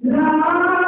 La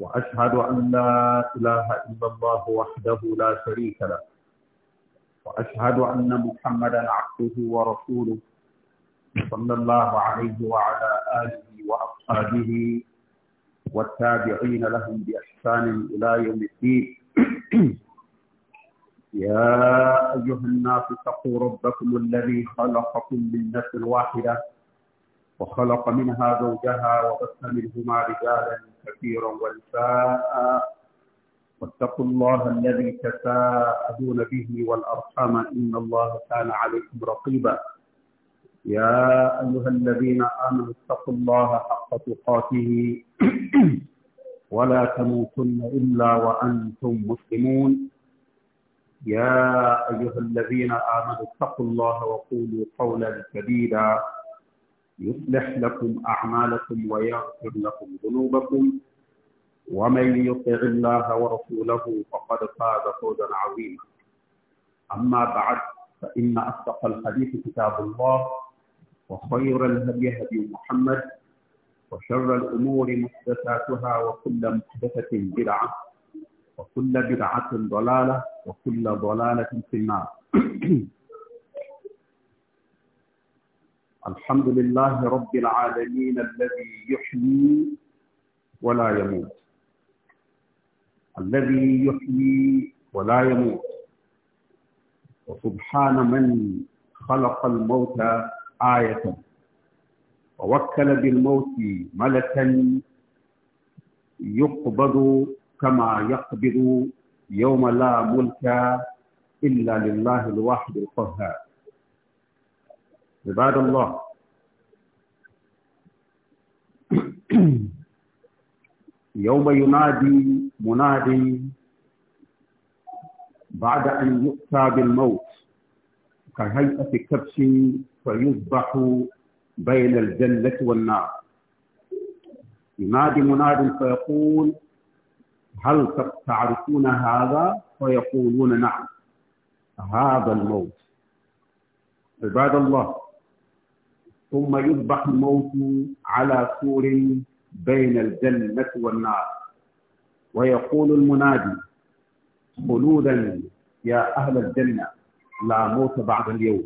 وأشهد أن لا إله إلا الله وحده لا شريك له وأشهد أن محمدا عبده ورسوله صلى الله عليه وعلى آله وأصحابه والتابعين لهم بإحسان إلى يوم الدين يا أيها الناس اتقوا ربكم الذي خلقكم من نفس واحدة وخلق منها زوجها وبث منهما رجالا كثيرا والباء واتقوا الله الذي تساءلون به والأرحام إن الله كان عليكم رقيبا يا أيها الذين آمنوا اتقوا الله حق تقاته ولا تموتن إلا وأنتم مسلمون يا أيها الذين آمنوا اتقوا الله وقولوا قولا سديدا يصلح لكم أعمالكم ويغفر لكم ذنوبكم ومن يطع الله ورسوله فقد فاز فوزا عظيما أما بعد فإن أصدق الحديث كتاب الله وخير الهدي هدي محمد وشر الأمور محدثاتها وكل محدثة بدعة وكل بدعة ضلالة وكل ضلالة في النار الحمد لله رب العالمين الذي يحيي ولا يموت الذي يحيي ولا يموت وسبحان من خلق الموت آية ووكل بالموت ملكا يقبض كما يقبض يوم لا ملك إلا لله الواحد القهار عباد الله يوم ينادي منادي بعد أن يؤتى بالموت كهيئة كبش فيذبح بين الجنة والنار ينادي مناد فيقول هل تعرفون هذا فيقولون نعم هذا الموت عباد الله ثم يذبح الموت على سور بين الجنة والنار ويقول المنادي خلودا يا أهل الجنة لا موت بعد اليوم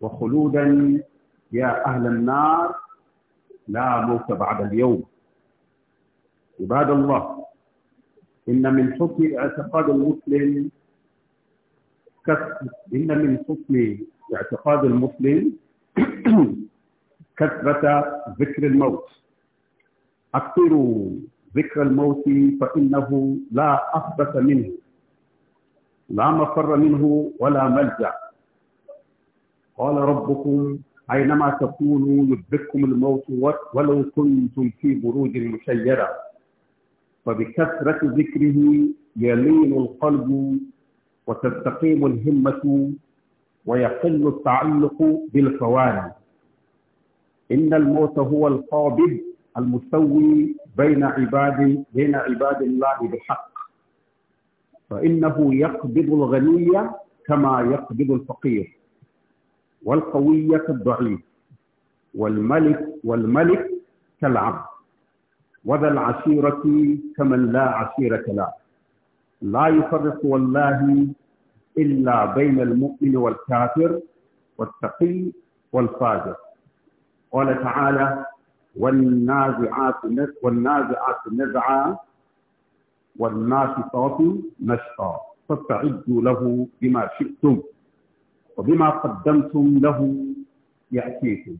وخلودا يا أهل النار لا موت بعد اليوم عباد الله إن من حسن اعتقاد المسلم إن من حسن اعتقاد المسلم كثرة ذكر الموت أكثروا ذكر الموت فإنه لا أخبث منه لا مفر منه ولا ملجأ قال ربكم أينما تكونوا يدرككم الموت ولو كنتم في بروج مشيرة فبكثرة ذكره يلين القلب وتستقيم الهمة ويقل التعلق بالفوان إن الموت هو القابض المسوي بين عباد بين عباد الله بحق فإنه يقبض الغني كما يقبض الفقير والقوي كالضعيف والملك والملك كالعبد وذا العشيرة كمن لا عشيرة له لا يفرق والله إلا بين المؤمن والكافر والتقي والفاجر قال تعالى والنازعات والنازعات نزعا والناشطات نشطا فاستعدوا له بما شئتم وبما قدمتم له يأتيكم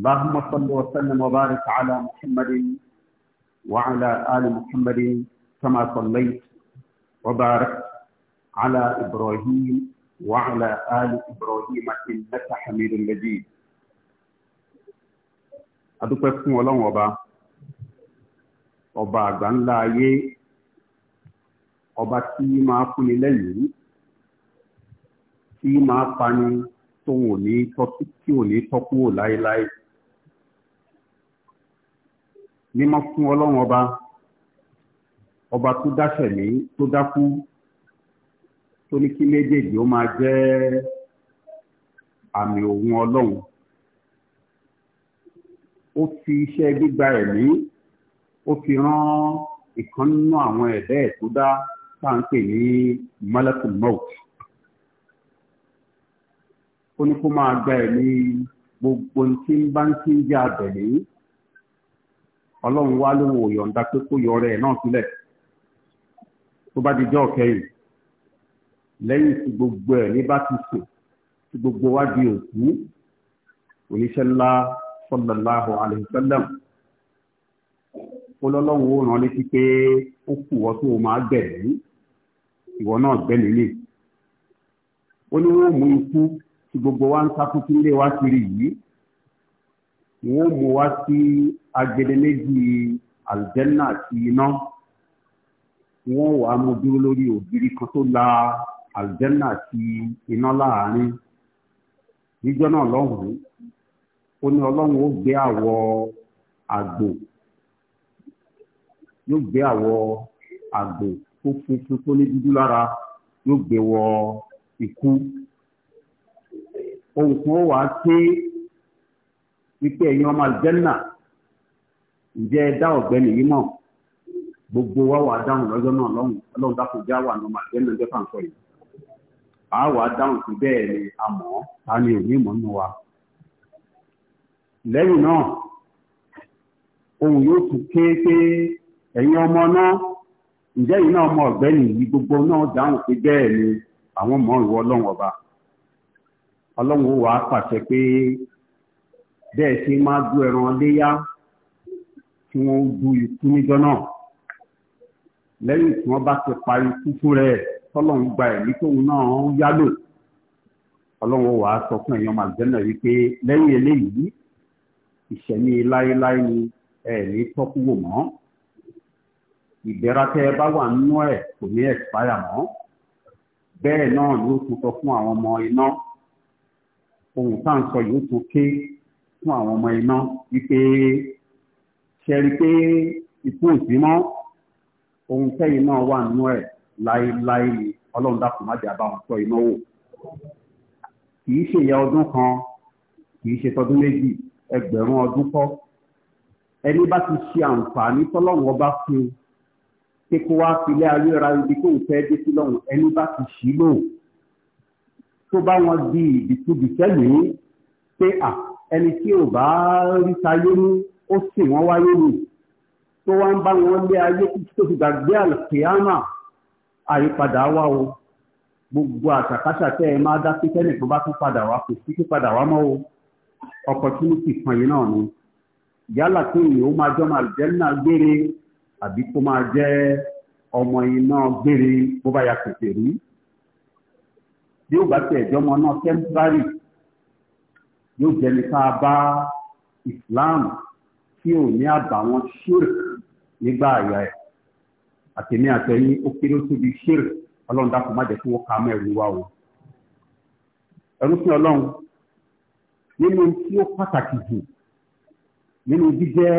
اللهم صل وسلم وبارك على محمد وعلى آل محمد كما صليت وباركت على إبراهيم وعلى آل إبراهيم إنك حميد مجيد adúpẹ́ fún ọlọ́run ọba ọba àgbà ńlá ayé ọba tí máa fúnni lẹ́yìn tí máa pani tóun ò ní tọ́kú láéláé mímọ́ fún ọlọ́run ọba ọba tó dáṣẹ̀ mí tó dákú tó ní kí méjèèjì ó máa jẹ́ àmì òun ọlọ́run ó fi iṣẹ́ gbígba ẹ̀mí ó fi rán ìkan nínú àwọn ẹ̀dá ẹ̀ tó dá tá à ń pè ní malakul maut ó ní kó máa gba ẹ̀mí gbogbo tí ń bá ń tí ń jẹ́ abẹ̀mí ọlọ́run wá lóhùn òyọ̀ǹda pé kó yọ ọrẹ náà sílẹ̀ tó bá di jọ́ kẹyìn lẹ́yìn tí gbogbo ẹ̀ ní bá ti sùn tí gbogbo wa di òkú oníṣẹ́ ńlá sallallahu alaihi wasallam ó lọ́lọ́run ó rán létí pé ó kù wọ́n tó máa gbẹ̀mí ìwọ náà gbẹ̀mí ni ó ní wọ́n mú ikú tí gbogbo wa ń sá fún kí wa kiri yìí wọ́n mú wá sí agbedeméjì aljanna àti iná wọ́n wàá mú dúró lórí ògiri kan tó la aljanna àti iná láàrin níjọ́ náà lọ́hùn-ún ó ní ọlọ́run ó gbé àwọ̀ àgbò yóò gbé àwọ̀ àgbò tó funfun tó ní dúdú lára yóò gbé wọ ikú ohun kan wàá ké wípé ẹ̀yin ọmọ àlùjẹ́nà ǹjẹ́ ẹ dá ọ̀gbẹ́ni yìí mọ̀ gbogbo wa wà dáhùn lọ́jọ́ náà lọ́hùn ọlọ́run dákun já wà ọmọ àlùjẹ́nà jẹ́ yìí a wà dáhùn sí bẹ́ẹ̀ ni a mọ̀ ta ni ò ní mọ̀ nínú wa lẹ́yìn náà ohun yóò tún ẹ̀yin ọmọ náà ǹjẹ́ gbogbo náà dáhùn bẹ́ẹ̀ ni àwọn mọ̀ bẹ́ẹ̀ ṣe máa du ẹran léyá tí wọ́n du ikú níjọ́ náà lẹ́yìn tí wọ́n bá ti parí kúkú rẹ̀ tọ́lọ́run gba ẹ̀mí tóun náà ń yálò ọlọ́run wàá sọ fún ẹ̀yàn màgbẹ́nà wípé lẹ́yìn eléyìí ìṣẹ̀mí láéláé ni ẹ̀mí tọ́kú wò mọ́ ìbẹ̀rẹ̀ tẹ́ ẹ bá wà nínú ẹ̀ kò ní ẹ̀sìpáyà mọ́ bẹ́ẹ̀ náà ló tún sọ fún àwọn ọmọ iná ohun tá à ń sọ yóò tún ké fún àwọn ọmọ iná wípé ṣẹ́rí pé ikú ìsímọ́ ohun tẹ́yìn náà wà nínú ẹ̀ láéláé ọlọ́run dàpọ̀ má jà bá wọn sọ iná wò kì í ṣe ìyá ọdún kan kì í ṣe tọdún méjì ẹgbẹ̀rún ọdún kọ́ ẹni bá ti ṣe àǹfààní tọ́lọ́run ọba fún un pé kó wá filé ayé ra ibi tó ń fẹ́ dé sí lọ́hùn ẹni bá ti ṣí lò tó bá wọn di ìdìkudì sẹ́yìn pé à ẹni tí ò bá rí tayé mú ó sì wọ́n wáyé nù tó wá ń bá wọn lé ayé tó fi gbàgbé àlùkìyàmà àyípadà wá o gbogbo àṣàkáṣà tẹ́ ẹ máa dá sí tẹ́nìkó bá tún padà wá kò sí pípadà wá mọ́ o opportunity kan yìí náà ni yálà pé èyí ó máa jọ máa jẹ́ náà gbére àbí kó máa jẹ́ ọmọ iná gbére bó bá ya kò tẹ̀ rí bí ó bá tẹ̀ ẹ̀jọ́ náà temporary yóò jẹni tá a bá Islam tí ò ní àbàwọn ṣírk nígbà àyà ẹ̀ àtẹ̀mí àtẹ̀yìn ó kéré ó tóbi ṣírk ọlọ́run dákun má jẹ́ kí wọ́n ka mẹ́rin wá o. ẹrú sí ọlọ́run nínú tí ó pàtàkì jù nínú jíjẹ́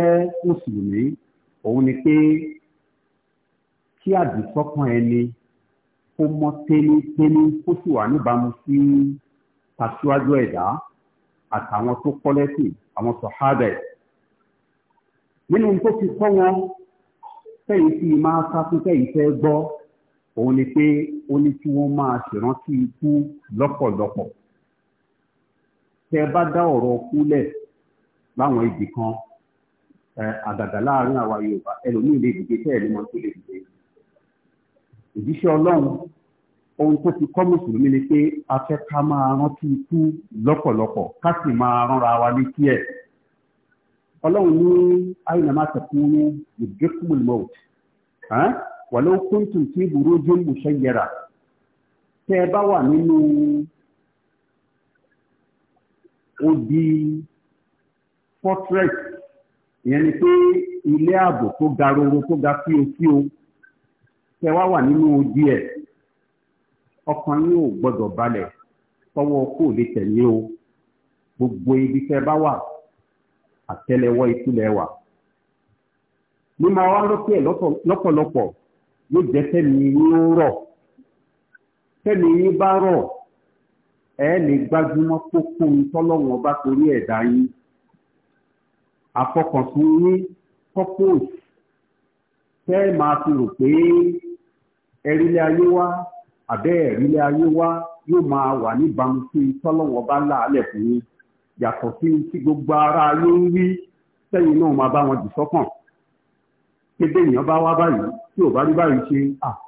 mùsùlùmí òun ni pé kí àdìsọ́kàn ẹni kó mọ́ téníténí kó sì wà níbàámu sí aṣíwájú ẹ̀dá. E àtàwọn tó kọ́ lẹ́sìn àwọn sọ̀hábẹ̀. nínú tó fi kọ́ wọn fẹ́yìí tí máa sáfún fẹ́yìí fẹ́ gbọ́ òun ni pé ó ní kí wọ́n máa ṣèrántí ikú lọ́pọ̀lọpọ̀. tẹ́ bá dá ọ̀rọ̀ kúlẹ̀ láwọn ibì kan àgàgà láàárín àwa Yorùbá ẹlòmíì lè dìde tẹ́ ẹ̀ ló mọ tó lè dìde. ìdíṣẹ́ Ọlọ́run ohun tó ti kọ́ mùsùlùmí ni pé a fẹ́ ká máa rántí ikú lọ́pọ̀lọpọ̀ ká sì máa ránra wa létí ẹ̀. ọlọ́run ní àyìnà máa tẹ̀kún ní ìdíkùmùl mọ́ọ̀t walau kuntum fi burujin mushayyara tẹ́ ẹ bá wà nínú odi fortress ìyẹn ni pé ilé ààbò tó ga roro tó ga fíofío tẹ́ wá wà nínú odi ẹ̀ ọkàn yín ò gbọ́dọ̀ balẹ̀ tọwọ́ kò lè tẹ̀lé o gbogbo ibi tẹ́ bá wà àtẹ́lẹwọ́ ìtúlẹ̀ wà mímọ wá lókè lọ́pọ̀lọpọ̀ yóò jẹ́ tẹ́mi yín ó rọ̀ tẹ́mi yín bá rọ̀ ẹ lè gbájúmọ́ kókó tọ́lọ́wọ́n bá torí ẹ̀dá yín àfọkànsùn yín purpose tẹ́ máa fi rò pé ẹ̀rílẹ̀ ayé wá àbẹ́ẹ̀rí ilé ayé wa yóò máa wà níbàámu sí tọ́lọ́wọ́ bá láàlẹ̀ fún yín yàtọ̀ sí tí gbogbo ara ayé ń rí sẹ́yìn náà máa bá wọn jù sọ́kàn kéde èèyàn bá wá báyìí tí ò bá rí báyìí ṣe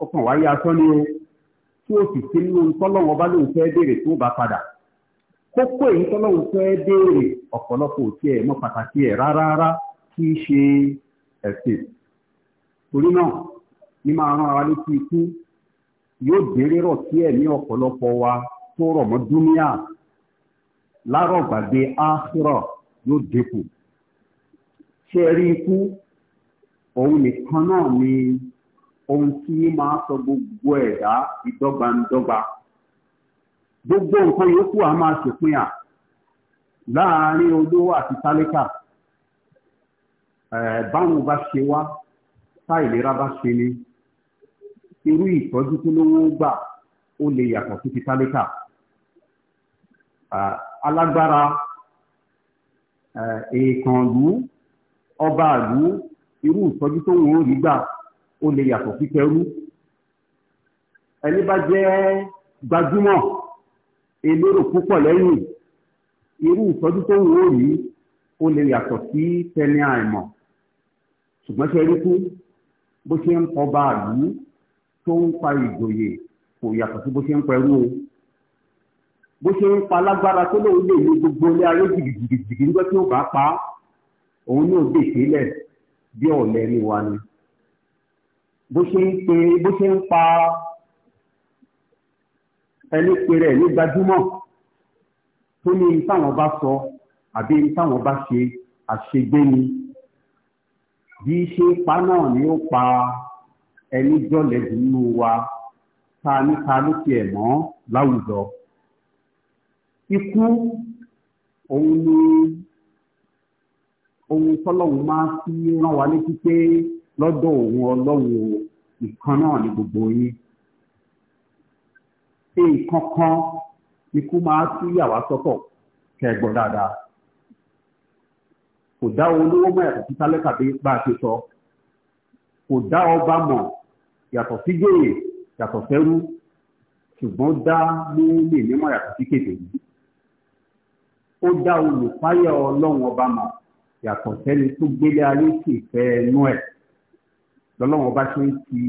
ọkàn wáyé aṣọ ni o tí ó sì ti nínú tọ́lọ́wọ́ bá lóun fẹ́ béèrè tó bá padà kókó èyí tọ́lọ́run fẹ́ béèrè ọ̀pọ̀lọpọ̀ òtí ẹ̀ mọ́ pàtàkì ẹ̀ rárá kí í ṣe ẹ̀sìn torí náà ní máa rán ara létí ikú yóò dérè rọ̀ sí ẹ̀mí ọ̀pọ̀lọpọ̀ wa tó rọ̀ mọ́ dúníà lárọ̀ gbàgbé áhírọ̀ yóò dínkù ṣe rí ikú òun nìkan náà ni ohun tí máa sọ gbogbo ẹ̀dá ìdọ́gbandọ́gba gbogbo nǹkan yòókù a máa ṣèpínyà láàárín olówó àti tálíkà báwọn bá ṣe wá tá ìlera bá ṣe ni irú ìtọ́jú tó lówó gbà ó lè yàtọ̀ sí ti tálíkà alágbára èèkànlú ọba àlú irú ìtọ́jú tó wọ́n rí gbà ó lè yàtọ̀ sí tẹrú ẹni bá jẹ́ gbajúmọ̀ elérò púpọ̀ lẹ́yìn irú ìtọ́jú tó wọ́n rí ó lè yàtọ̀ sí tẹni àìmọ̀ ṣùgbọ́n ṣe rí kú bó ṣe ń kọba àlú tó ń pa ìjòyè kò yàtọ̀ sí bó ṣe ń pẹ̀rú o bó ṣe ń pa lágbára tó lóun lè lo gbogbo ilé ayé jìgìjìgìjì nígbà tí ó bá pa á òun ní òde ìpínlẹ̀ bí ọ̀lẹ́ ní wa ni bó ṣe ń pe bó ṣe ń pa ẹni pe rẹ̀ ní gbajúmọ̀ tó ní táwọn bá sọ àbí táwọn bá ṣe àṣegbé ni bí ṣe pa náà ni ó pa á ẹni jọ̀lẹ̀ dùnú wa ta ní ta ló tiẹ̀ mọ́ láwùjọ. Ikú òun ni ohun tọ́lọ́hun máa fi rán wa létí pé lọ́dọ̀ òun ọlọ́run ìkan náà ni gbogbo yín. Nǹkan kan ikú máa tú yàwá sọ́tọ̀ kẹ́gbọ́n dáadáa. Kò dá olówó mọ́ ẹ̀kọ́ títálẹ́kà bí bá a ṣe sọ. Kò dá ọba mọ̀ yàtọ̀ sí gbèrè yàtọ̀ fẹ́rú ṣùgbọ́n dá múlè nímọ̀ yàtọ̀ sí kéde yìí ó dá olùpáyà ọlọ́run ọba mọ̀ yàtọ̀ sẹ́ni tó gbélé ayé sì fẹ́ ẹnu ẹ̀ lọ́lọ́run ọba ṣe ń fi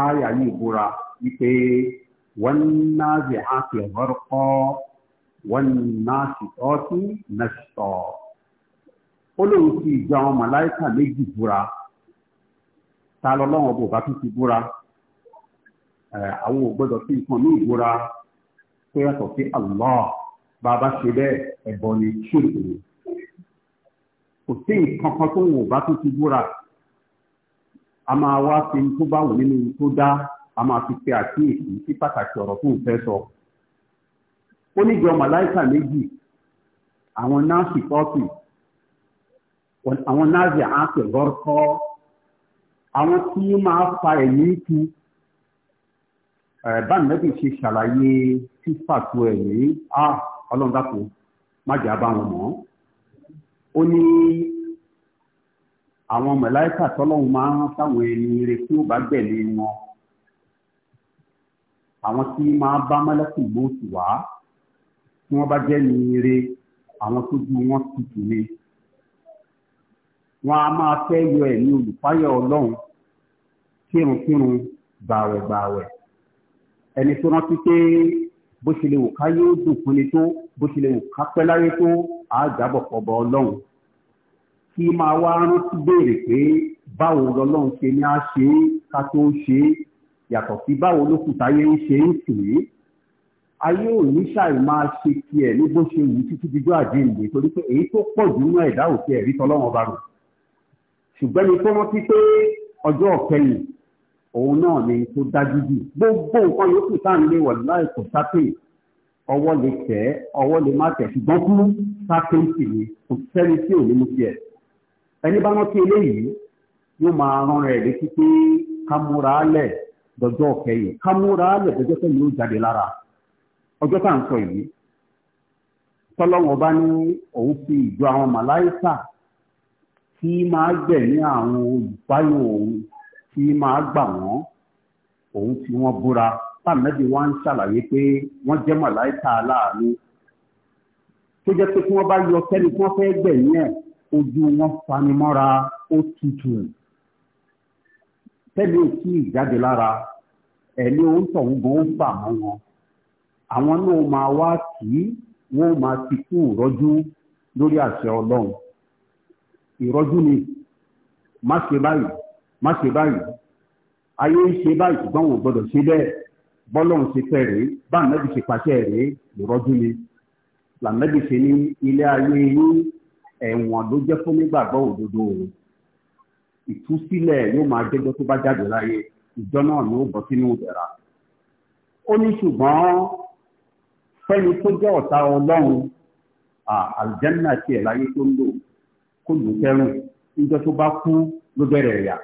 ááyà yìí búra wípé wọ́n ná sí àpè ọ̀rọ̀kọ́ wọ́n ná sí ọtí nẹ́sítọ̀ ó lóun ti ìjọ àwọn màláìkà méjì búra ta lọ lọ́wọ́ bò bá tún ti búra àwọn ò gbọ́dọ̀ sí nǹkan ní ìbúra tó yàtọ̀ sí Allah bá a bá ṣe bẹ́ẹ̀ ẹ̀bọ ni ṣòro ni kò sí nǹkan kan tó wò bá tún ti búra a máa wá fi tó bá wù nínú tó dá a máa fi pe àkíyèsí sí pàtàkì ọ̀rọ̀ tó ń fẹ́ sọ ó ní jọ màláìkà méjì àwọn náà sì tọ́sì àwọn náà sì á pè lọ́rùkọ́ àwọn tí máa fa ẹ̀mí ku bánilẹ́bí ṣe ṣàlàyé fífàtú ẹ̀mí a ọlọ́run dákun má jà bá wọn mọ́ ó ní àwọn mẹ̀láìkà tọ́lọ́run máa ń rán sáwọn ẹni rẹ tí ó bá gbẹ̀lé wọn àwọn tí máa bá mẹ́lẹ́kùn gbóòtù wá tí wọ́n bá jẹ́ ní ire àwọn tó ju wọn tutù ni wọn a máa fẹ́ yọ ẹ̀mí olùpáyọ̀ ọlọ́run kírunkírun gbàwẹ̀gbàwẹ̀ ẹni tó rántí pé bó ṣe lè wò ká yóò dùn fún ni tó bó ṣe lè wò ká pẹ́ láyé tó àájábọ̀ pọ̀bọ ọlọ́run kí máa wá rántí béèrè pé báwo lọ́lọ́run ṣe ní á ṣe é ká tó ṣe é yàtọ̀ sí báwo ló kù táyé ń ṣe ń tì í ayé ò ṣàì máa ṣe tiẹ̀ ní bó ṣe wù títí dídó àdéhùn torí pé èyí tó pọ̀ jù nínú ẹ̀dá òfin ẹ̀rí tọ́lọ́wọ́n bá rò ṣùgbọ́n ní tó rántí pé ọjọ́ ọ̀kẹyìn òun náà ni tó dájú jù gbogbo nǹkan yòókù tá à ń láì kò sápè ọwọ́ lè tẹ̀ ọwọ́ lè má tẹ̀ ṣùgbọ́n fún sápèǹtì ni kò sẹ́ni tí ò ní mú tiẹ̀ ẹni bá rántí eléyìí yóò máa rán rẹ̀ létí pé ká múra lẹ̀ dọjọ́ ọ̀kẹyìn ká múra lẹ̀ dọjọ́ tó yóò jáde lára ọjọ́ tá à ń sọ yìí tọ́lọ́wọ́n bá ní òun fi ìjọ àwọn màláìsà tí máa gbẹ̀mí àwọn olùpáyò òun tí máa gbà wọ́n òun tí wọ́n búra tàmẹ́bí wá ń ṣàlàyé pé wọ́n jẹ́ màláìka aláàánú tó jẹ́ pé tí wọ́n bá yọ kẹ́ni tí wọ́n fẹ́ gbẹ̀mí ẹ̀ ojú wọn fanimọ́ra ó tutù tẹ́lẹ̀ tí ìjáde lára ẹ̀mí òun tọ̀hún gan ó fà mọ́ wọn àwọn náà máa wá kí wọ́n máa ti kú rọ́jú lórí àṣẹ ọlọ́run ìrọ́jú ni má ṣe báyìí má ṣe báyìí ayé ń ṣe báyìí ṣùgbọ́n wọn ò gbọ́dọ̀ ṣe bẹ́ẹ̀ bọ́lọ́hún ṣe fẹ́ rèé bá ànábì ṣe pàṣẹ rèé ìrọ́jú ni làmẹ́bí ṣe ní ilé ayé yín ẹ̀wọ̀n ló jẹ́ fún nígbàgbọ́ òdodo o ìtúsílẹ̀ yóò máa jẹ́jọ́ tó bá jáde láyé ìjọ náà ni ó bọ́ sínú ìdẹ̀ra ó ní ṣùgbọ́n fẹ́ni tó jẹ́ ọ̀tá ọlọ́run àlùjànnà tiẹ̀ láyé tó ń lò kó lù sẹ́rùn níjọ́ tó bá kú ló bẹ̀rẹ̀ ẹ̀yà.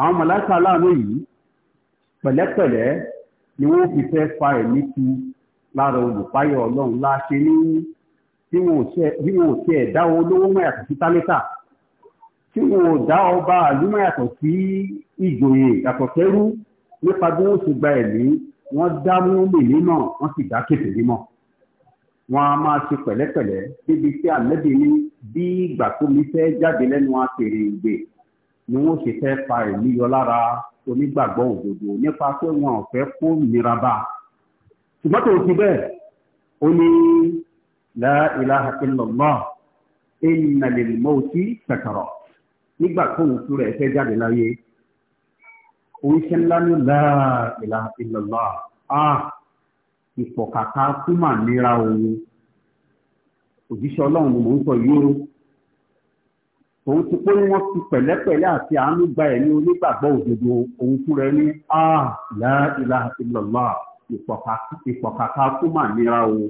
àwọn mọ̀láṣà aláàánú yìí pẹ̀lẹ́pẹ̀lẹ́ ni wọ́n fi fẹ́ fa ẹ̀mí tu lára olùpáyọ̀ ọlọ́run láṣẹ ní bí wọn ò tiẹ̀ dá olówó mọ́ yàtọ̀ sí tálẹ́tà tí wọn ò dá ọba àlùmọ́ yàtọ̀ sí ìjòyè yàtọ̀ kẹrú nípa bí wọ́n ṣe gba ẹ̀mí wọ́n dá mú lè nímọ̀ wọ́n sì dá kéfèé nímọ̀ wọn a máa ṣe pẹ̀lẹ́pẹ̀lẹ́ débi tí ànábì ní bí ìgbà tó mi fẹ́ jáde lẹ́nu àtèrè ìgbè ni wọ́n ṣe fẹ́ fa èmi yọ lára onígbàgbọ́ òdodo nípa pé wọn ò fẹ́ kó nira bá a. ṣùgbọ́n tó ti bẹ́ẹ̀ ó ní la ilaha illallah inna lil mawti sakara nígbà tó ń tu fẹ́ jáde láyé oníṣẹ́ ńlá ní la ilaha illallah ah. kaka kúmà nira òun òjíṣẹ́ ọlọ́run mò ń sọ yìí O òun ti pé wọ́n fi pẹ̀lẹ́pẹ̀lẹ́ àti àánú gba ẹ̀mí onígbàgbọ́ òdodo òun fún rẹ ní ah, la ilaha illallah ìpọ̀kàkà kúmà nira òun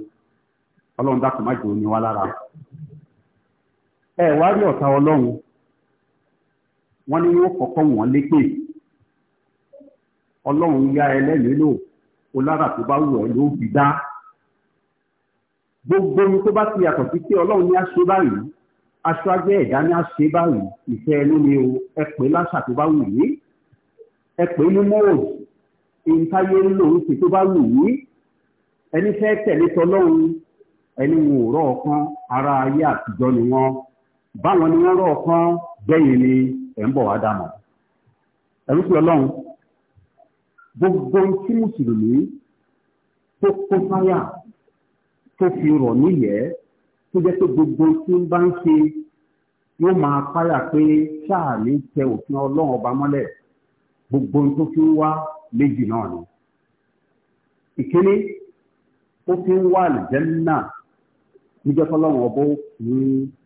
ọlọ́run dákun má wá lára ẹ wá rí ọ̀tá ọlọ́run wọ́n ní wọ́n ọlọ́run o lára tó bá wù ló gbogbo ohun tó bá ti yàtọ̀ sí pé ọlọ́run ní báyìí aṣọ ajẹ́ ẹ̀dá ní àṣẹ báyìí ìfẹ́ ni o ẹ pè láṣà tó bá wù yín ẹ pè ní mọ́ọ̀dù ìntayé ńlò ń ṣe tó bá wù yín ẹni fẹ́ tẹ̀lé tọlọ́run ẹni wò ara ayé àtijọ́ ni wọ́n báwọn ni wọ́n ni ẹ̀ ń gbogbo tí mùsùlùmí tó kó sáyà tó fi rọ̀ níyẹ̀ẹ́ tó jẹ́ pé gbogbo tí ń bá ń ṣe yóò máa káyà pé sáàní tẹ òfin ọlọ́run ọba mọ́lẹ̀ gbogbo tó fi ń wá méjì náà ni. ìkíní ó fi ń wá àlùjẹ́nà níjọ́ tọ́lọ́run ọbọ̀ ní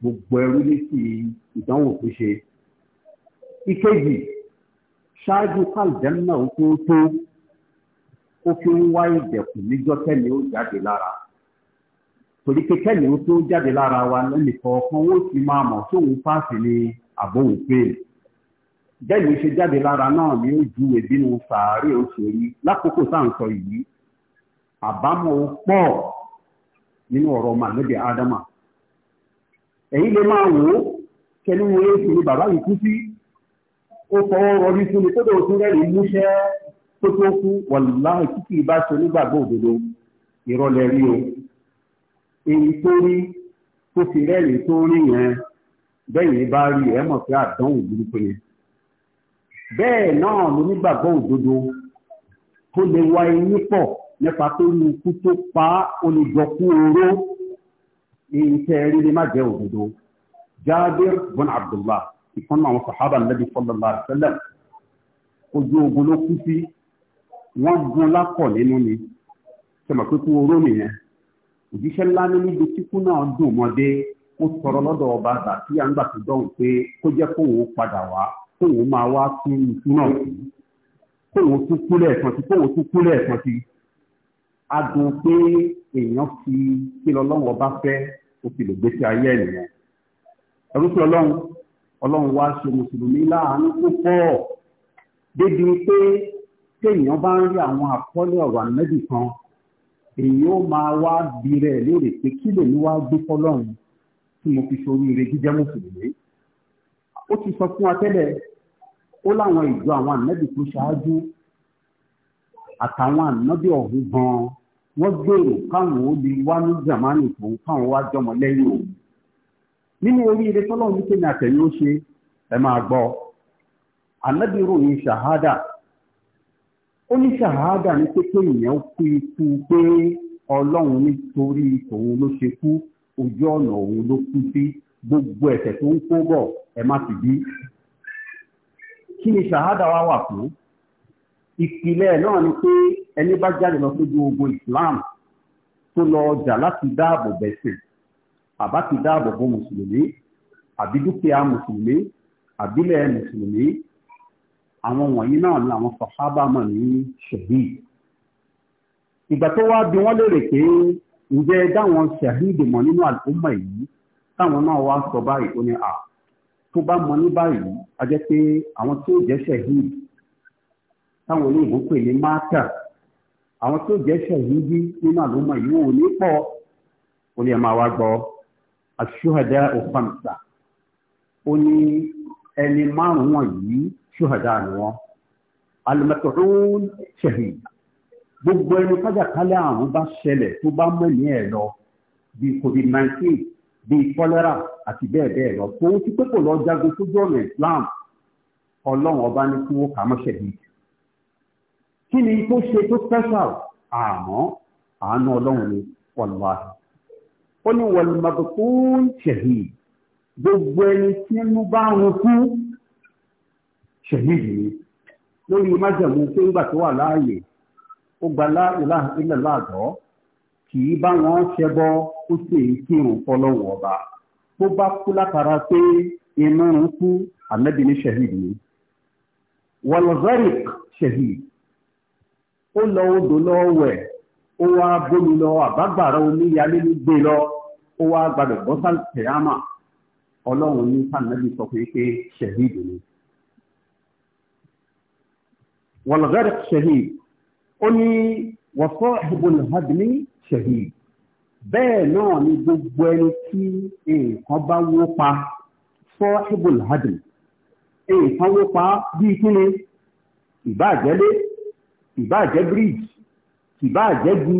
gbogbo ẹrú létí ìdánwò tó ṣe. ìkejì ṣáájú kálìjẹ́nà ó tó tó ó fi ń wá ìdẹ̀kùn níjọ́ tẹ́lẹ̀ ó jáde lára torí pé tẹ́lẹ̀ ó tó jáde lára wa lẹ́nìkan kan ó sì máa mọ̀ sóun páàsì ni àbóhùn péèlì bẹ́ẹ̀ni ṣe jáde lára náà ni ó júwe bínú sàárè òṣèré lákòókò sáǹsọ yìí àbámọ̀ pọ̀ nínú ọ̀rọ̀ màlẹ́bí ádámà èyí lè máa wò ó kẹ́ni wo é sì ni bàbá yìí kú sí ó fọwọ́ rọrí fún mi kódà òtún rẹ̀ lè múṣẹ́ tó tó kú wàláhì tí kìí bá ṣe onígbàgbọ́ òdodo ìrọ̀lẹ́ rí o èyí tó rí tó fi rẹ́rìn tó rí yẹn bẹ́yìn bá rí ẹ mọ̀ pé àdánwò burúkú yẹn bẹ́ẹ̀ náà lónígbàgbọ́ òdodo tó lè wá ẹni pọ̀ nípa tó ní ikú tó pa olùjọkú oró èyí tẹ́ rí ni má jẹ́ òdodo Jabir bin Abdullah. ìfọ́nà àwọn sàhábà lẹ́bí sallallahu alaihi wasallam ojú ogun ló kú sí wọ́n gun lákọ̀ nínú ni sọmọ pé kú oró nìyẹn òjíṣẹ́ ńlá ní níbi náà dùn dé ó sọ̀rọ̀ lọ́dọ̀ ọba àgbà tí a dùn ọlọ́run wá ṣe mùsùlùmí láàánú púpọ̀ débi pé téèyàn bá ń rí àwọn àkọọ́lẹ̀ ọ̀rọ̀ ànábì kan èyí ó máa wá bi rẹ̀ lóòrè pé kí lèmi wá gbé fọlọ́run tí mo fi ṣoríire jíjẹ́ mùsùlùmí. ó ti sọ fún wa tẹ́lẹ̀ ó láwọn ìjọ àwọn ànábì tó ṣáájú àtàwọn ànábì ọ̀hún gan-an wọ́n gbèrò káwọn ó lè wá ní jàmánì fún káwọn wá jọmọ lẹ́yìn òun nínú oríire tọ́lọ̀ ní kéèyàn àtẹ̀yìn ó ṣe ẹ máa gbọ́ ànábì ròyìn ṣàhádà ó ní ṣàhádà ní pé kéèyàn kú ikú pé ọlọ́run nítorí tòun ló ṣe kú ojú ọ̀nà òun ló kú sí gbogbo ẹ̀ṣẹ̀ tó ń kó bọ̀ ẹ má sì bí kí ni ṣàhádà wa wà fún ìpìlẹ̀ náà ni pé ẹni bá jáde lọ sójú ogun Islam tó lọ ọjà láti dáàbò bẹ̀sìn àbá ti dáàbò bo mùsùlùmí àbí dúkìá mùsùlùmí àbílẹ̀ mùsùlùmí àwọn wọ̀nyí náà làwọn sàhábà mọ̀ ní ṣahid ìgbà tó wá bí wọ́n lérè pé ǹjẹ́ dáwọn ṣahid mọ̀ nínú àlùmọ̀ yìí táwọn náà wá sọ báyìí ó ní à tó bá mọ ní báyìí a jẹ́ pé àwọn tí ó jẹ́ ṣahid táwọn olóyìnbó pè ní máàkà àwọn tí ó jẹ́ ṣahid nínú àlùmọ̀ yìí wọn ò ní pọ̀ ó ní ẹ máa wá gbọ́ aṣúhàdá òfàǹsà ó ní ẹni márùn-ún wọ̀nyí ṣúhàdá ni wọ́n alimẹtọ̀rún ṣẹ̀hìn gbogbo ẹni kájàkálẹ̀ àrùn bá ṣẹlẹ̀ tó bá mẹ́ni ẹ̀ lọ bíi covid-19 bíi kọ́lẹ́rà àti bẹ́ẹ̀ bẹ́ẹ̀ lọ tó ti pé kò lọ jagun sójú ọ̀nà Islam ọlọ́run ọba ní kí wọ́n kà á mọ́ṣẹ́ bíi kí ni tó ṣe tó special àmọ́ àánú ọlọ́run ni wàlúwàá ó ní wọ̀lùmọ̀tòkún ṣẹ̀hì gbogbo ẹni tí inú bá rún fún ṣẹ̀hì yìí lórí májẹ̀mú pé ńgbà tó wà láàyè ó gba ilẹ̀ láàgọ́ kì í bá wọn ṣẹbọ ó sì ń kírun fọlọ́wọ́ ọba tó bá kú látara pé iná ń kú ànábì ní ṣẹ̀hì yìí wọ̀lùzọ́rìk ṣẹ̀hì ó lọ odò lọ wẹ̀ ó wá bómi lọ àbágbàrá oníyalé ló gbé lọ ó wá gbàgbé bọ́sán kẹ̀yàmà ọlọ́run ní sànàbí sọ pé pé ṣẹ̀hídì ni. wọ̀lọ̀gẹ́rẹ̀ ṣẹ̀hídì ó ní wọ̀sọ́ ìbòlù hàdìmí ṣẹ̀hídì bẹ́ẹ̀ náà ni gbogbo ẹni tí nǹkan bá wó pa sọ ìbòlù hàdìmí nǹkan wó pa bíi kíni ìbáàjẹ́lé ìbáàjẹ́ bíríìjì ìbáàjẹ́ gi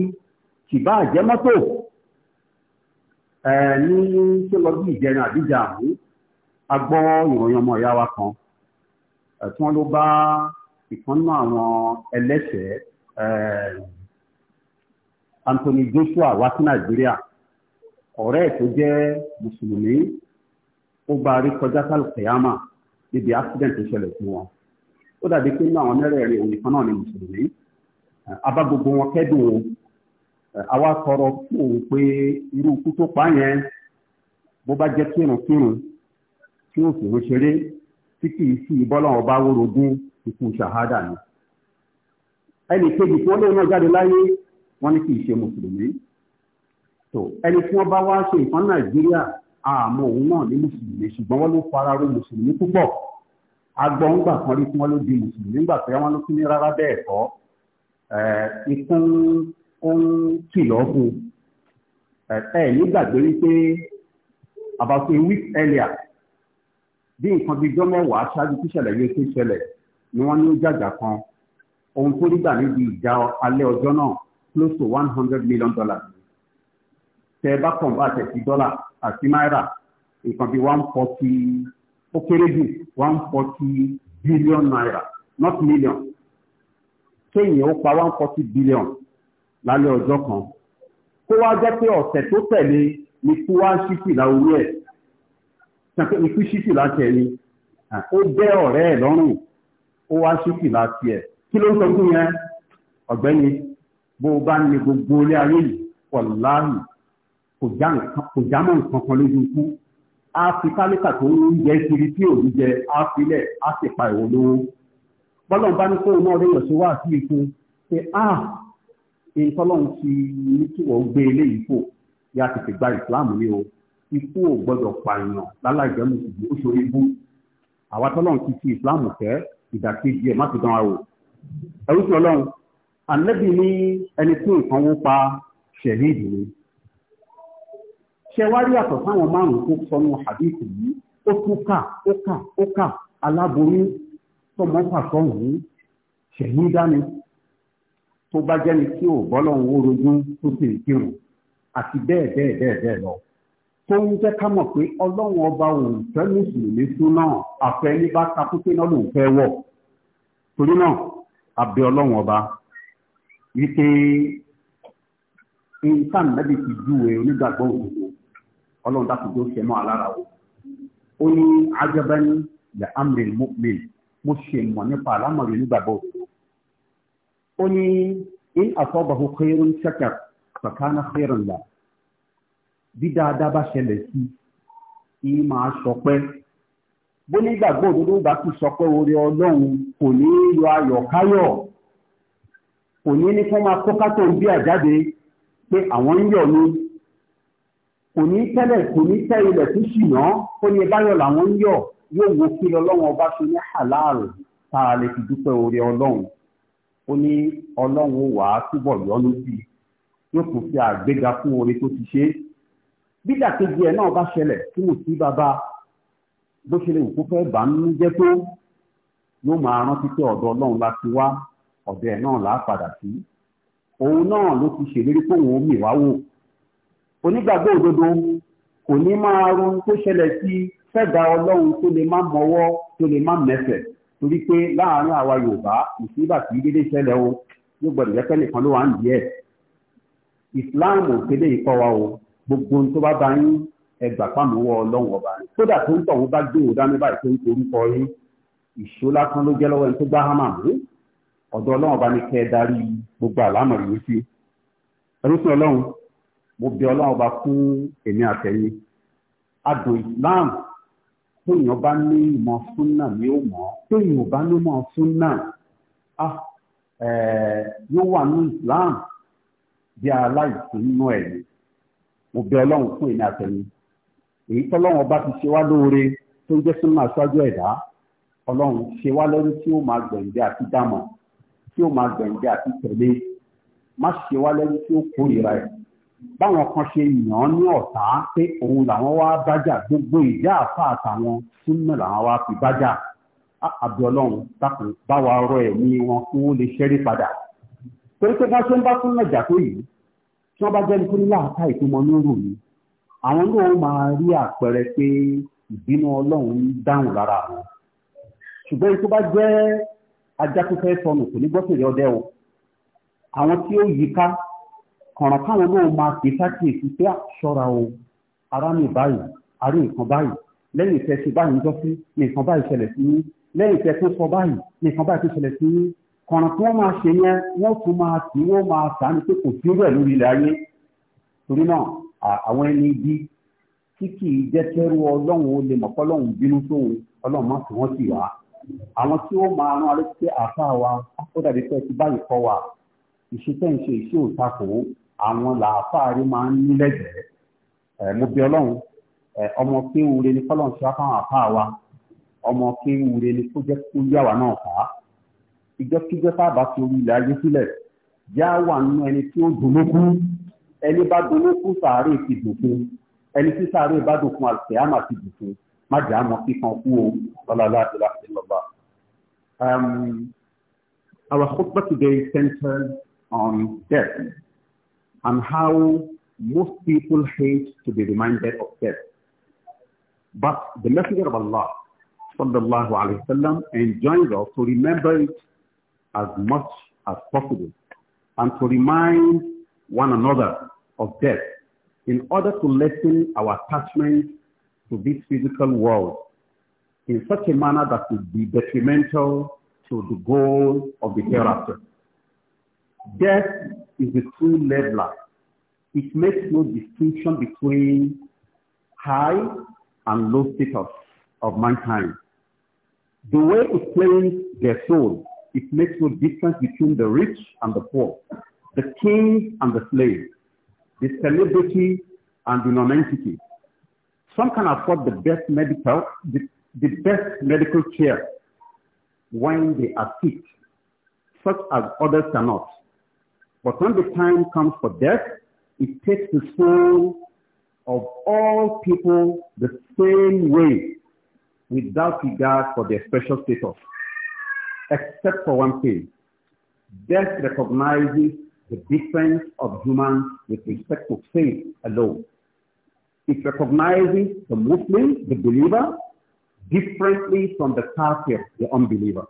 ìbáàjẹ́ mọ́tò ní tó lọ bí ìjẹrin àbíjà àmú a gbọ́ ìròyìn ọmọ ìyá wa kan tí wọ́n ló bá ìkan àwọn ẹlẹ́sẹ̀ Anthony Joshua wá sí Nàìjíríà ọ̀rẹ́ ẹ̀ tó jẹ́ mùsùlùmí ó bá rí kọjá sálùkẹ́yàmà níbi accident tó ṣẹlẹ̀ fún wọn ó dàbí pé nínú àwọn mẹ́rẹ̀ẹ̀rin òun nìkan náà ni mùsùlùmí abá gbogbo wọn kẹ́dùn àwa tọrọ fún òun pé irú ikú tó pa yẹn bó bá jẹ́ kírunkírun tí ó fòrò ṣeré tí kì í sí ìbọ́lọ́wọ́ bá wórogún ikú ṣàhádà ni. ẹnì kejì tí wọ́n lé wọn jáde láyé wọ́n ní kì í ṣe mùsùlùmí. tó ẹni tí wọ́n bá wá ṣe ìfọ́n nàìjíríà àmọ́ òun náà ní mùsùlùmí ṣùgbọ́n wọ́n ló fara ro mùsùlùmí púpọ̀ agbọ́n ń gbà kan rí tí wọ́n ló di mùsùlùmí nígbà pé wọ́n ló tún ní rárá bẹ́ẹ̀ kọ́ ikún ó ń kìlọ̀ fún ẹ nígbàgbé wípé about a week earlier bí nǹkan bíi jọ́mẹ́wàá ṣáájú tíṣẹ̀lẹ̀ yóò tó ṣẹlẹ̀ ni wọ́n ní ó jàjà kan ohun tó rí gbà níbi ìjà alẹ́ ọjọ́ náà close to one hundred million dollars tẹ ẹ bá kàn bá àtẹ̀sí dọ́là àti náírà nǹkan bíi one forty ó kéré jù one forty billion naira not million kéèyàn ó pa one forty billion lálẹ́ ọjọ́ kan kó wá jẹ́ pé ọ̀sẹ̀ tó tẹ̀lé ni kú wá ń ṣíṣì láorí ẹ̀ ṣàpé ikú ṣíṣì láti ẹni ó bẹ́ ọ̀rẹ́ ẹ̀ lọ́rùn ó wá ṣíṣì láti ẹ̀ kí ló ń sọ fún yẹn ọ̀gbẹ́ni bó o bá ń le gbogbo ilé ayé yìí pọ̀ láàyè kò já mọ́ nǹkan kan lójú ikú á fi kálíkà tó ń jẹ kiri tí òun jẹ á filẹ̀ á sì pa ìwọ lówó bọ́lá ń bá ní kó o náà rí ìyọ̀síwá àti ikú pé ah, ìtọ́lọ́run ti ní kí wọ́n gbé eléyìí fò yá tètè gba ìsìláàmù ni o ikú ò gbọ́dọ̀ pààyàn lálàjẹ́ mùsùlùmí ó ṣòro ibú àwa tọ́lọ́run ti fi ìsìláàmù fẹ́ ìdàkejì ẹ̀ má fi dán wa wò ẹrú sí ọlọ́run ànẹ́bí ní ẹni tí nǹkan wó pa ṣẹ̀ríìdì ni ṣe wá rí àtọ̀ sáwọn márùn-ún tó sọnù hadith yìí ó tún kà ó kà ó kà aláboyún tọmọ pàṣọ òun ṣẹ̀yìn dání tó bá jẹ́ni tí ò bọ́lọ́hún ó rojú tó sì ń kírun àti bẹ́ẹ̀ bẹ́ẹ̀ bẹ́ẹ̀ bẹ́ẹ̀ lọ tó ń jẹ́ ká mọ̀ pé ọlọ́run ọba òun fẹ́ mùsùlùmí sún náà àfẹ́ni bá takú pé náà lòun fẹ́ wọ̀ torí náà àbẹ ọlọ́run ọba wípé nǹkan nàbì ti júwe onígbàgbọ́ òdodo ọlọ́run dákun tó ṣe mọ́ alára o ó ní ajabani ya amri mu'min mo ṣe mọ̀ nípa àlámọ̀rí onígbàgbọ́ òdodo ó ní in àfọ́bàhù khairun shakar fàkánà khairun la bí dáadáa bá ṣẹlẹ̀ sí i máa sọpẹ́ bó nígbàgbọ́ òdodo bá ti sọpẹ́ orí ọlọ́run kò ní yọ ayọ̀ káyọ̀ kò ní ní kó máa kó kátó bí àjáde pé àwọn ń yọ̀ ni kò ní tẹ́lẹ̀ kò ní tẹ́ ilẹ̀ tó sì kó ní báyọ̀ làwọn ń yọ̀ yóò wo kí lọ́wọ́ ọba ṣe ní halal tá fi dúpẹ́ orí ọlọ́run ó ní ọlọ́run ó wàá túbọ̀ yọ́nú sí i yóò tún fi àgbéga fún oore tó ti ṣe é bídàkejì ẹ̀ náà bá ṣẹlẹ̀ tí mo sí bàbá bó ṣe lè wù kó fẹ́ bà ń jẹ́ tó yóò máa rántí pé ọ̀dọ̀ ọlọ́run la ti wá ọ̀dọ̀ ẹ̀ náà là á padà sí òun náà ló ti ṣèlérí póun ó mì wá wò onígbàgbọ́ òdodo kò ní máa ronú tó ṣẹlẹ̀ sí fẹ́dà ọlọ́run tó lè má mọ́wọ́ tó lè má mẹ́fẹ̀ẹ́ torí pé láàárín àwa yorùbá ìsúgbà tí dédé ṣẹlẹ̀ o yóò gbọ́dọ̀ jẹ́ pẹ́ẹ́nìkan ló wà ń díẹ̀ ìsìláàmù kéde ìkọ́ wa o gbogbo ohun tó bá bá yín ẹgbà pàmòwò ọlọ́run ọba ni kódà tó ń tọ̀ wọ́n bá gbé òun dání báyìí tó ń torúkọ yín ìṣó lásán ló jẹ́ lọ́wọ́ ẹni tó gbá hámà mú ọ̀dọ̀ ọlọ́run ọba ni kẹ́ ẹ darí gbogbo àlámọ̀ yìí sí ẹlòmíràn ọlọ́run mo bẹ ọlọ́run ọba fún èmi àtẹ̀yìn adùn Islam téèyàn bá ní ìmọ̀ súnà ni ó mọ̀ téèyàn ò bá ní ìmọ̀ súnà ah, yóò wà ní Islam bí aláìsí nínú ẹ̀ mo bẹ ọlọ́run fún èmi àtẹ̀yìn èyí tọ́lọ́run ọba ti ṣe wá lóore tó ń jẹ́ súnà aṣáájú ẹ̀dá ọlọ́run ṣe wá lẹ́rú tí ó máa gbẹ̀ǹdẹ̀ àti dámọ̀ tí ó máa gbẹ̀ǹdẹ̀ àti tẹ̀lé má ṣe wá lẹ́rú tí ó kórìíra ẹ̀ báwọn kan ṣe yàn án ní ọ̀tá pé òun làwọn wá bájà gbogbo ìjà àfa àtàwọn súnmọ́ làwọn wá fi bájà àbíọ́lọ́run dákun báwa rọ ẹ̀mí wọn kí wọ́n lè ṣẹ́rí padà torí pé bá ṣe ń bá súnmọ́ ìjà tó yìí tí wọ́n bá jẹ́ nítorí láàká ìtumọ̀ ní òrò mi àwọn náà máa rí àpẹẹrẹ pé ìbínú ọlọ́run ń dáhùn lára wọn ṣùgbọ́n èyí bá jẹ́ ajá tó fẹ́ sọnù kò ní gbọ́sẹ̀rẹ̀ o àwọn tí ó kọ̀ọ̀ràn káwọn náà máa pè sákìyèsí pé àṣọra o ara mi báyìí àrí nǹkan báyìí lẹ́yìn ìfẹ́ ṣe báyìí ń jọ sí nǹkan báyìí ṣẹlẹ̀ sí yín lẹ́yìn ìfẹ́ tó sọ báyìí nǹkan báyìí tó ṣẹlẹ̀ sí yín kọ̀ọ̀ràn tí wọ́n máa ṣe yẹn wọ́n tún máa tì wọ́n máa tà ní pé kò sí rẹ̀ lórí ilẹ̀ ayé torí náà àwọn ẹni ibi tí kì í jẹ́ kẹ́rù ọlọ́run ó lè mọ̀ kọ́lọ́run bínú sóhun ọlọ́run má fi wọ́n sì wá àwọn tí ó máa rán alẹ́ pé àáfàá wa ó dàbí pé ti báyìí kọ́ wa ìṣe tẹ́ ń ṣe ìṣe òtakò àwọn làáfàárí máa ń ní mo bí ọlọ́run ọmọ kéwure ni kọ́lọ́n ṣe wá fáwọn àfáà wa ọmọ kéwure ni kó jẹ́ kó yá wa náà fà á ìjọkíjọ́ tá a bá fi orí ilẹ̀ ayé sílẹ̀ já wà nínú ẹni tí ó dùnúkú ẹni bá dùnúkú sàárè ti dùnkún ẹni tí sàárè bá dùnkún àlùfẹ́àmà ti dùnkún má jà á kíkan kú o lọ́lọ́lá um, Our khutbah today centers on death. and how most people hate to be reminded of death. But the Messenger of Allah sallallahu alayhi wasallam enjoins us to remember it as much as possible and to remind one another of death in order to lessen our attachment to this physical world in such a manner that would be detrimental to the goal of the hereafter. Death is the true leveler. It makes no distinction between high and low status of mankind. The way it plays their soul, it makes no difference between the rich and the poor, the king and the slave, the celebrity and the non-entity. Some can afford the best medical, the, the best medical care when they are sick, such as others cannot. But when the time comes for death, it takes the soul of all people the same way without regard for their special status, except for one thing. Death recognizes the difference of humans with respect to faith alone. It recognizes the Muslim, the believer, differently from the kafir, the unbeliever.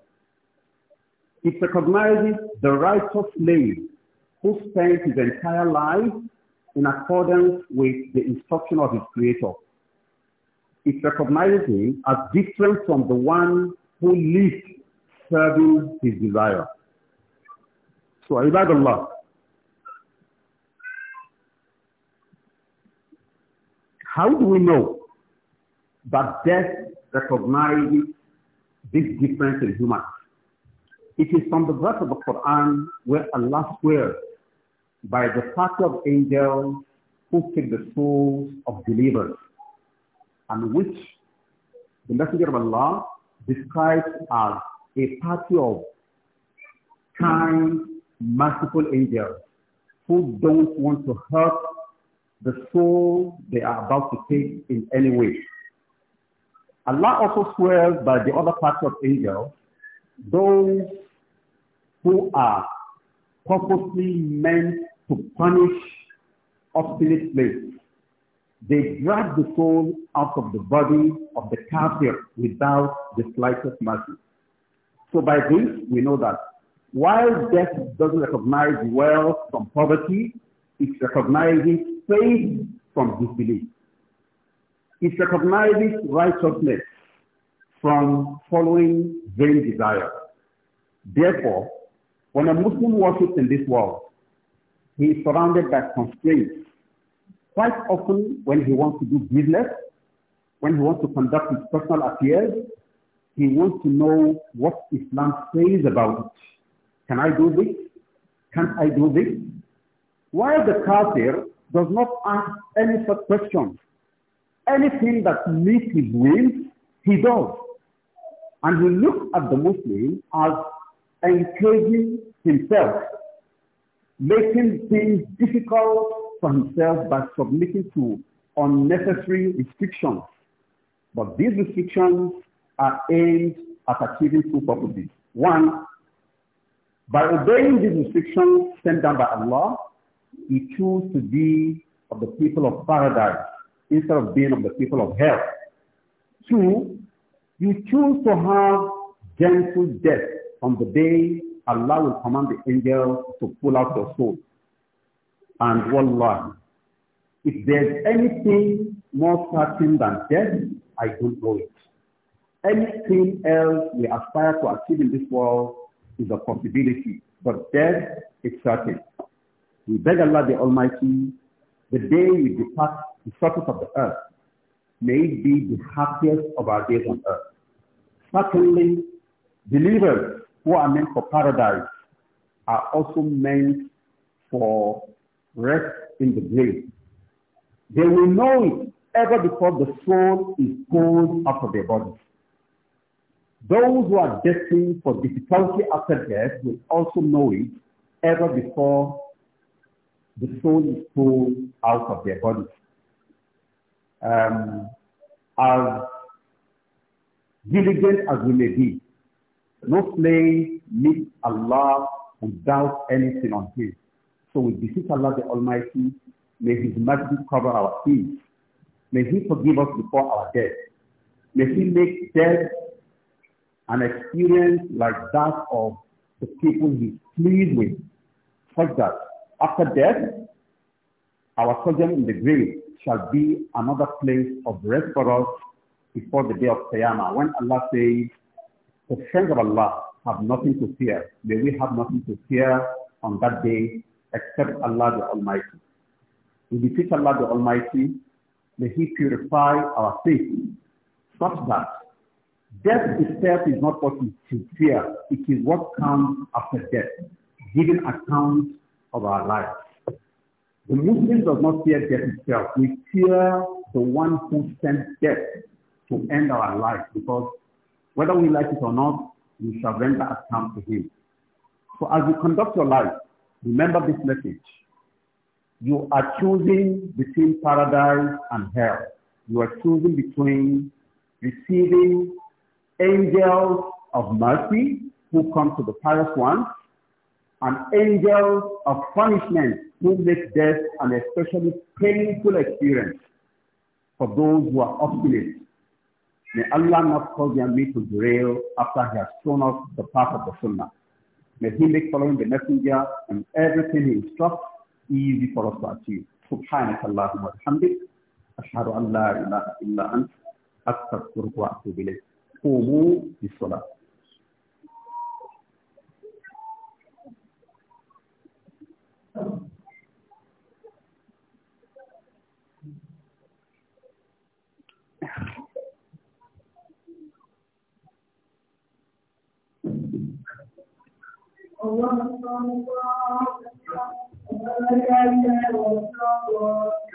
It recognizes the righteous slave who spent his entire life in accordance with the instruction of his creator. It recognizes him as different from the one who lived serving his desire. So Allah How do we know that death recognizes this difference in humans? It is from the verse of the Quran where Allah swears by the party of angels who take the souls of believers and which the Messenger of Allah describes as a party of kind, merciful angels who don't want to hurt the soul they are about to take in any way. Allah also swears by the other party of angels, those who are purposely meant to punish obstinate slaves. They drag the soul out of the body of the kafir without the slightest mercy. So by this, we know that while death doesn't recognize wealth from poverty, it recognizes faith from disbelief. It recognizes righteousness from following vain desire. Therefore, when a Muslim worships in this world, he is surrounded by constraints. Quite often, when he wants to do business, when he wants to conduct his personal affairs, he wants to know what Islam says about it. Can I do this? Can't I do this? While the kafir does not ask any such questions, anything that meets his will, he does. And he looks at the Muslim as encouraging himself making things difficult for himself by submitting to unnecessary restrictions. But these restrictions are aimed at achieving two purposes. One, by obeying these restrictions sent down by Allah, he chose to be of the people of paradise instead of being of the people of hell. Two, you choose to have gentle death on the day Allah will command the angel to pull out your soul. And wallah, if there's anything more certain than death, I don't know it. Anything else we aspire to achieve in this world is a possibility, but death is certain. We beg Allah the Almighty, the day we depart the surface of the earth, may it be the happiest of our days on earth. Certainly, believers who are meant for paradise are also meant for rest in the grave. They will know it ever before the soul is pulled out of their bodies. Those who are destined for difficulty after death will also know it ever before the soul is pulled out of their bodies. Um, as diligent as we may be, no slave meets Allah without anything on him. So we beseech Allah the Almighty, may His mercy cover our sins. May He forgive us before our death. May He make death an experience like that of the people He pleased with, such that after death, our sojourn in the grave shall be another place of rest for us before the day of Qiyamah. When Allah says, the friends of Allah have nothing to fear. They will have nothing to fear on that day except Allah the Almighty. We defeat Allah the Almighty, may He purify our faith such that death itself is not what we should fear. It is what comes after death, giving account of our lives. The Muslim does not fear death itself. We fear the one who sent death to end our life because whether we like it or not, we shall render account to him. So as you conduct your life, remember this message. You are choosing between paradise and hell. You are choosing between receiving angels of mercy who come to the pious ones and angels of punishment who make death an especially painful experience for those who are obstinate May Allah not cause their me to derail after he has thrown off the path of the Sunnah. May he make following the messenger and everything he instructs easy for us to achieve. سبحانك اللهم وبحمدك أشهد أن لا إله إلا أنت أستغفرك وأتوب إليك قوموا بالصلاة Thank you. الله الله الله